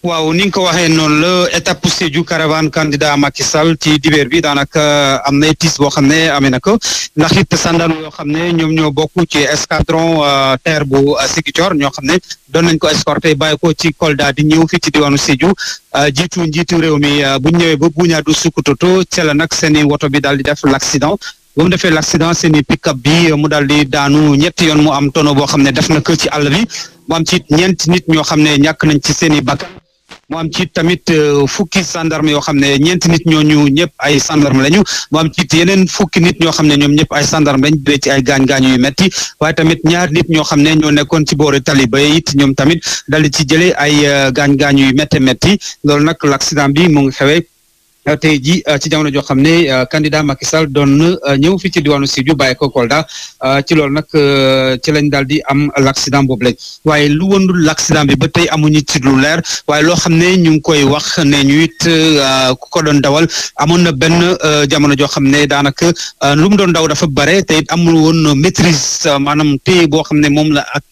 waaw ni nga ko waxee noonu la étape Sédhiou caravane candidat Macky Sall ci dibeer bi daanaka am na tis boo xam ne amee na ko ndax it sandarma yoo xam ne ñoom ñoo bokk ci escadron euh, terre bu Ziguinchor ñoo xam ne doon nañ ko escorté bàyyi ko ci Kolda di ñëw fii ci diwaanu Sédhiou euh, jiitu njiitu réew mi euh, bu ñëwee ba Buñaadu Sukutoto ca la nag seen i woto bi daal di def l' accident. ba mu defee l' accident seen bi mu daal di daanu ñetti yoon mu am tono boo xam ne def na ko ci àll bi mu am ci ñeent nit ñoo xam ne ñàkk nañ ci seen i bakkan mu am ci tamit euh, fukki gendarme yoo xam ne ñeenti nit ñooñu ñëpp ay gendarme lañu ñu am ci yeneen fukki nit ñoo xam ne ñoom ñëpp ay gendarme lañ bee ci ay gaañ-gaañu yu metti waaye tamit ñaar nit ñoo xam ne ñoo nekkoon ci boori taliba it ñoom tamit dal di ci jëlee ay euh, gaañ-gaañu yu métti métti loolu nag l'accident bi mu ngi xewee tey eh, ji ci jamono joo xam ne eh, candidat Macky Sall doon eh, na ñëw fii ci diwaanu Sidiou bàyyi ko Kolda ci loolu nag ci lañ daal di am l' accident boobu lañ waaye lu wëndul l' accident bi ba tey amuñu ci lu leer waaye loo xam ne ñu ngi koy wax ne ñu it ku ko doon dawal amoon na ben jamono joo xam ne daanaka lu mu doon daw dafa bare te it amul woon maitrise maanaam téye boo xam ne moom la ak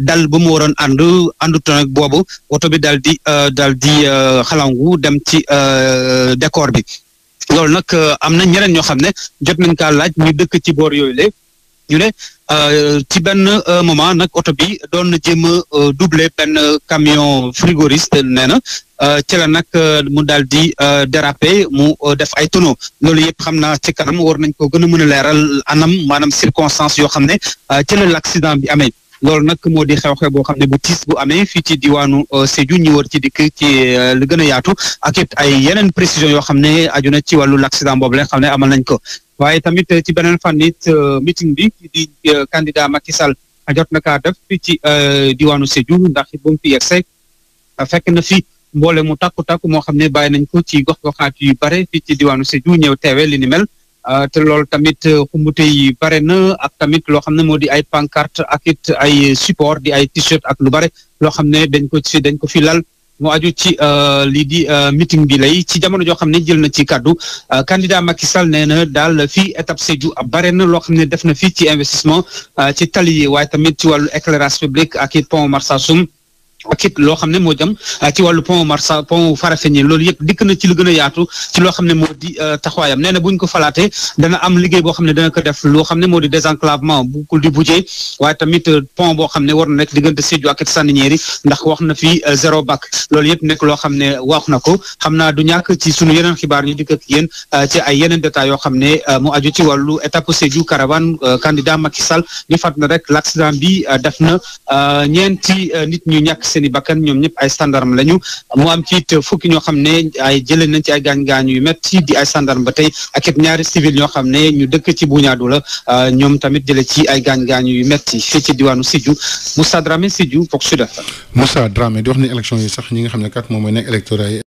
dal ba mu waroon ànd ànd nag boobu oto bi daal di daal di xalaangu dem ci décor bi loolu nag euh, am na ñeneen ñoo xam ne jot nañ kaa laaj ñu dëkk ci boor yooyu la ñu ne euh, ci benn euh, moment nak oto bi doon na jéem a doubler benn camion frigorist nee na ci la nag mu daal di déraper mu def ay tonneaux loolu yëpp xam naa ci kanam war nañ ko gën a mën a leeral anam maanaam circonstance yoo xam ne ci la l'accident bi amee loolu nag moo di xew-xew boo xam ne bu tiis bu amee fii ci diwaanu seju ñu war ci dikk ci euh, lu gën a yaatu ak ay yeneen précision yoo xam ne aju na ci wàllu accident boobu la xam ne amal nañ ko waaye tamit euh, ci beneen fànn it euh, meeting bi di candidat Macky Sall jot na kaa def fii ci diwaanu Sédhiou ndax bu mu fi yegsee fekk na fi mboole mu takku takku moo xam ne bàyyi nañ ko ci gox goxaat yu bare fii ci diwaanu Sédhiou ñëw teewe linimel Ah, te lol tamit xumbute eh, yi bare na eh, ak tamit lo xamne modi ay pancarte ak it ay support di ay t-shirt ak lu bare lo xamne dañ ko ci dañ ko fi lal mu aju ci eh, li di meeting bi lay ci jamono jo xamne jël na ci cadeau candidat Macky Sall neena dal fi étape sédu ab bare na lo xamne def na fi ci investissement ci tali yi way tamit ci walu éclairage public ak pont Marsa ak it loo xam ne moo jëm euh, ci wàllu pont Marsa pont Farafenni loolu yëpp dikk na ci lu gën a yaatu ci loo xam ne moo di euh, taxawaayam nee na bu ñu ko falaatee dana am liggéey boo xam ne dana ko def loo xam ne moo di désenclavement bu kul di Bujee waaye tamit euh, pont ne war na nekk diggante Sédhiou ak Sandiniéry ndax wax na fi zéro bac loolu yëpp nekk loo xam ne wax na ko xam naa du ñakk ci sunu yeneen xibaar ñu dikk ak yéen ci ay yeneen détails yoo xam ne mu aju ci wàllu étape Sédhiou caravane candidat Macky Sall ñu fàttali rek l'accident bi def na ñeenti nit ñu ñàkk seen i bakkan ñoom ñëpp ay sandarme lañu moo am ci it ñoo xam ne ay jële nañ ci ay gaañ-gaañu yu metti di ay sandarme ba tey ak it ñaari civil ñoo xam ne ñu dëkk ci Buñaadu la euh, ñoom tamit jëlee ci ay gaañ-gaañu yu metti fii ci diwaanu Sédhiou Moussa Dramé Sédhiou Fox Sud FM. Moussa di wax ni élection yi sax ñi nga xam ne kat moom mooy nekk électorat